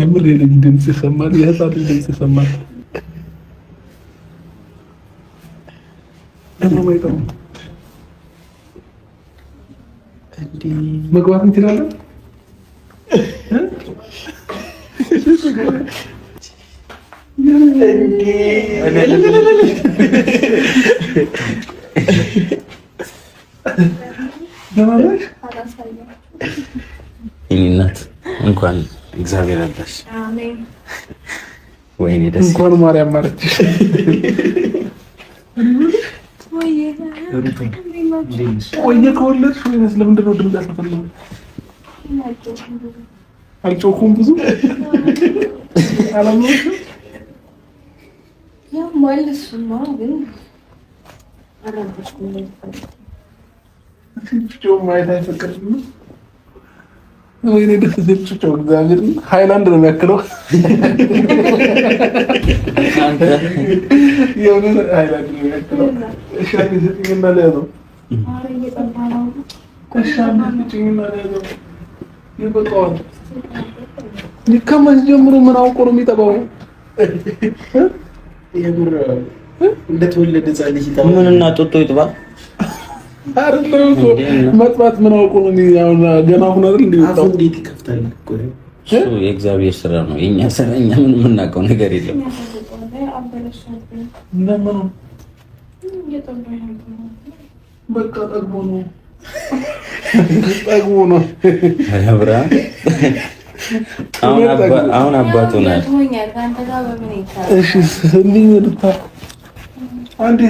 የምር የልጅ ድምጽ ይሰማል፣ የህፃን ልጅ ድምጽ ይሰማል። መግባት እንችላለን። እናት እንኳን እግዚአብሔር አዳሽ ወይኔ ደስ እንኳን ማርያም ማረች። ወይኔ ከወለድሽ ወይኔስ ለምንድን ነው ድምፅ ያልተፈለገ? አልጮኩም ብዙ ማለት ማየት አይፈቀድም ወይኔ ደስ ሲል እግዚአብሔር ሃይላንድ ነው የሚያክለው። የሆነ ሃይላንድ ነው ጀምሮ ምን አውቆ ነው የሚጠባው? እንደተወለደ ምን እና ጦጦ ይጥባል መጥባት ምን አውቁ ነው? ገና አይደል እንዴት ይከፍታል እሱ የእግዚአብሔር ስራ ነው። የኛ ስራ እኛ ምን የምናውቀው ነገር የለም። ጠግቦ ነው አሁን አባቱ ናል። እሺ እንዲህ አንዴ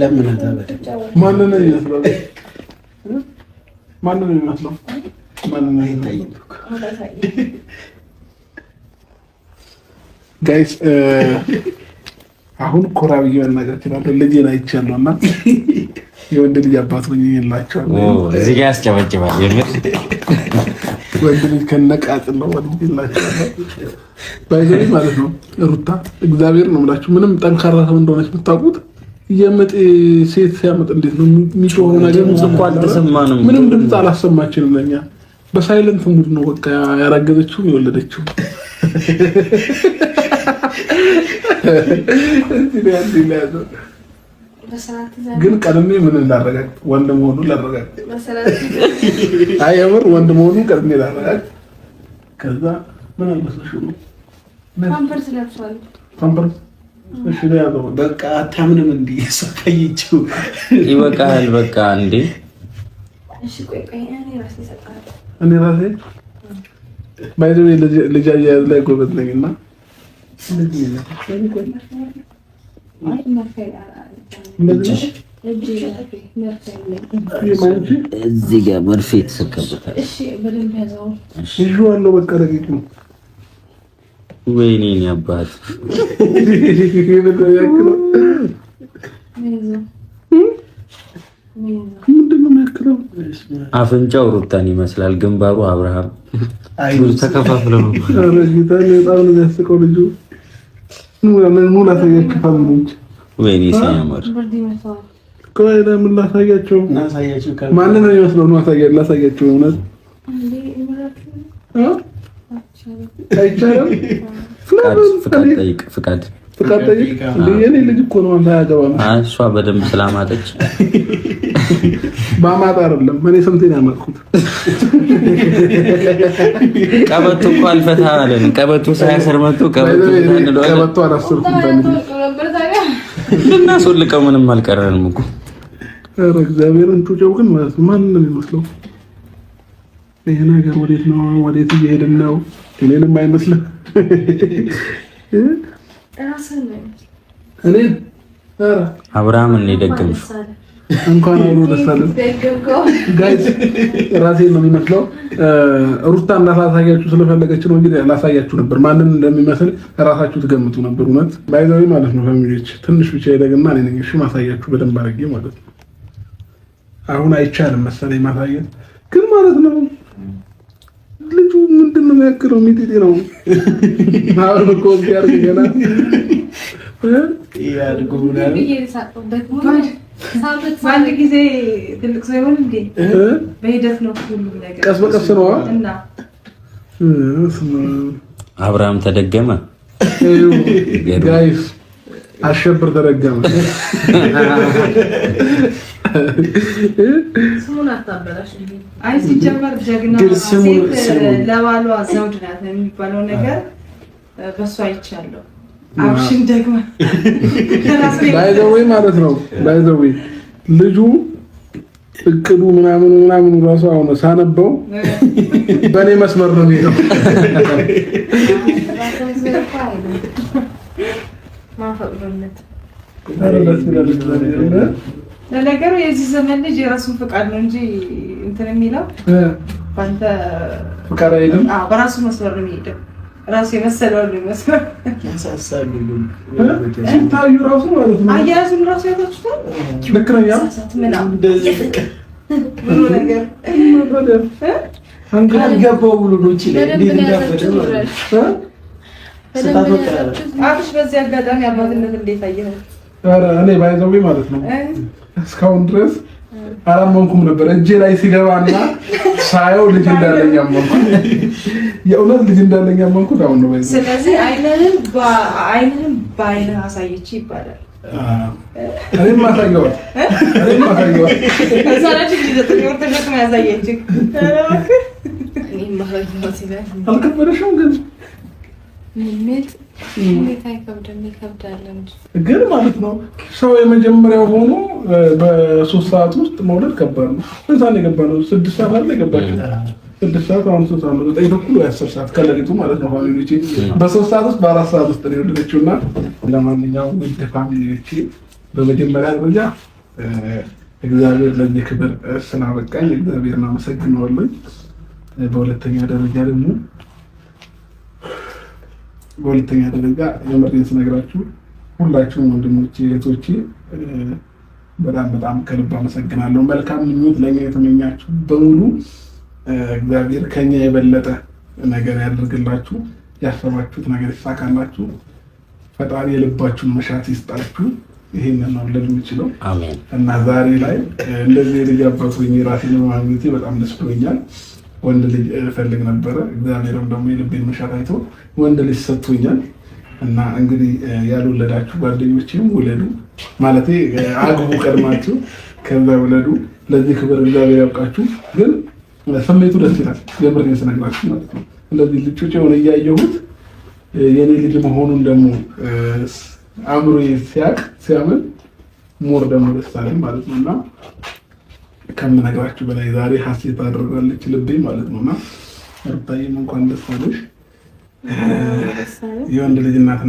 ለምን ማንን ነው የሚመስለው? ማንን ነው የሚመስለው? ማንን ነው ጋይስ አሁን ኮራ ብዬ መናገር እችላለሁ። ልጄን አይቻለሁ እና የወንድ ልጅ አባት ሆኜ የላቸዋለሁ። እዚህ ጋር ያስጨበጭባል። ወንድ ልጅ ከነቃጥ ነው ወንድ ልጅ የላቸዋለሁ። ባይዘ ማለት ነው ሩታ እግዚአብሔር ነው የምላችሁ ምንም ጠንካራ ሰው እንደሆነች የምታውቁት የምጥ ሴት ሲያመጥ እንዴት ነው የሚጮኸው? ነገር ምንም ድምፅ አላሰማችንም። ለኛ በሳይለንት ሙድ ነው በቃ ያረገዘችው የወለደችው። ግን ቀድሜ ምን ላረጋግጥ? ወንድ መሆኑን ላረጋግጥ። አይ የምር ወንድ መሆኑን ቀድሜ ላረጋግጥ። ከዛ ምን አልመስለሽም ነው ፓምፐርስ ፓምፐርስ ለብሷል በቃ አታምንም እንዲ ሰቀይችው ይበቃል። በቃ እንዴ እኔ ራሴ ባይዘ ልጅ አያያዝ ላይ ጎበዝ ነኝ እና እዚህ ጋር መርፌ ይዤዋለሁ በቃ ረቂቅ ነው ወይኔ አባት ምንድነው የሚያክለው? አፍንጫው ሩታን ይመስላል፣ ግንባሩ አብርሃም። ተከፋፍለ ነው ነው ወይኔ ሲያምር ምን ላሳያቸው? ማንን ነው የሚመስለው? ላሳያቸው እውነት አይቻልም። ፍቃድ ፍቃድ ጠይቅ። የኔ ልጅ እኮ ነው አያገባም። እሷ በደንብ ስላማጠች በማጣ አይደለም። እኔ ስንቴን ያመጥኩት ቀበቶ እኮ አልፈታ አለን። ቀበቶ ሳያስር መቶ ቀበቶ አላሰርኩም። ልናስወልቀው ምንም አልቀረንም እኮ እግዚአብሔርን ጩጨው ግን ማለት ማን ነው ይሄ ነገር ወዴት ነው? ወዴት እየሄድን ነው? እኔንም አይመስልም። እኔ አብርሃም እኔ ደግም እንኳን አብሮ ደሳለን ጋይስ፣ ራሴ ነው የሚመስለው። ሩታ እንዳላሳያችሁ ስለፈለገች ነው እንግዲህ ላሳያችሁ ነበር። ማንን እንደሚመስል ራሳችሁ ትገምቱ ነበር። እውነት ባይዘዊ ማለት ነው። ፋሚሊዎች ትንሽ ብቻ ይደግና እኔ ነኝ እሺ፣ ማሳያችሁ በደንብ አድርጌ ማለት ነው። አሁን አይቻልም መሰለኝ ማሳየት ግን ማለት ነው ልጁ ምንድን ነው የሚያክለው? ሚጢጢ ነው አሁን እኮ ቢያርግ ገና ነው ቀስ በቀስ ነው። አብርሃም ተደገመ፣ ጋይስ አሸብር ተደገመ። ሲጀመር ጀግና ሴት ለባሏ ዘውድ ናት የሚባለው ነገር በእሱ አይቻለሁ። አብሽን ደግማ ባይዘዌ ማለት ነው። ባይዘዌ ልጁ እቅዱ ምናምኑ ምናምኑ ራሱ አሁን ሳነበው በእኔ መስመር ነው የሚለው ለነገሩ የዚህ ዘመን ልጅ የራሱን ፍቃድ ነው እንጂ እንትን የሚለው በአንተ ፍቃድ አይደለም። አዎ በራሱ መስመር ነው የሚሄደው። ራሱ የመሰለው ነው ታዩ ራሱ ማለት ነው። አያያዙን ራሱ ነገር ነው በዚህ አጋጣሚ አባትነት እንዴት አየኸው? እኔ ባይዘዊ ማለት ነው እስካሁን ድረስ አላመንኩም ነበር። እጄ ላይ ሲገባና ሳየው ልጅ እንዳለኝ አመንኩኝ። የእውነት ልጅ እንዳለኝ አመንኩት። አሁን ነው ባይዘ። ስለዚህ አይንህም አይንህም በአይንህ አሳየች ይባላል። እኔም አሳየዋል። እኔም አሳየዋል። አልከበደሽም ግን ግን ማለት ነው ሰው የመጀመሪያው ሆኖ በሶስት ሰዓት ውስጥ መውለድ ከባድ ነው። ስንት ሰዓት የገባ ነው? ስድስት ሰዓት አለ የገባ ስድስት ሰዓት አሁን ሶስት ሰዓት ነው። ዘጠኝ ተኩል ወይ አስር ሰዓት ከሌሊቱ ማለት ነው። በሶስት ሰዓት ውስጥ በአራት ሰዓት ውስጥ ነው የወለደችው እና ለማንኛውም ውድ ፋሚሊዎቼ በመጀመሪያ ደረጃ እግዚአብሔር ክብር እግዚአብሔርን በሁለተኛ ደረጃ ደግሞ በሁለተኛ ደረጃ የምሬን ስነግራችሁ ሁላችሁም ወንድሞቼ እህቶቼ በጣም በጣም ከልብ አመሰግናለሁ። መልካም ምኞት ለኛ የተመኛችሁ በሙሉ እግዚአብሔር ከኛ የበለጠ ነገር ያደርግላችሁ፣ ያሰባችሁት ነገር ይሳካላችሁ። ፈጣሪ የልባችሁን መሻት ይስጣችሁ። ይህንን ማምለድ የምችለው እና ዛሬ ላይ እንደዚህ የልጅ አባት ሆኜ ራሴን በማግኘቴ በጣም ደስ ብሎኛል። ወንድ ልጅ እፈልግ ነበረ። እግዚአብሔርም ደግሞ የልቤን መሻት አይቶ ወንድ ልጅ ሰጥቶኛል። እና እንግዲህ ያልወለዳችሁ ጓደኞችም ውለዱ፣ ማለት አግቡ፣ ቀድማችሁ ከዛ ውለዱ። ለዚህ ክብር እግዚአብሔር ያውቃችሁ። ግን ስሜቱ ደስ ይላል፣ የምር ስነግራችሁ ማለት ነው። እንደዚህ ልጆች የሆነ እያየሁት የኔ ልጅ መሆኑን ደግሞ አእምሮ ሲያቅ ሲያምን ሞር ደግሞ ደስታለኝ ማለት ነው እና ከምነግራችሁ በላይ ዛሬ ሀሴት አድርጋለች ልቤ ማለት ነው። እና ሩታዬም እንኳን ደስ አለሽ የወንድ ልጅ እናት